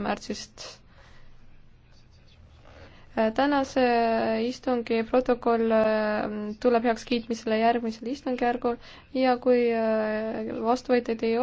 märtsist. tänase istungi protokoll ähm, tuleb heakskiitmisele järgmisel istungjärgul ja kui äh, vastuvõtjaid ei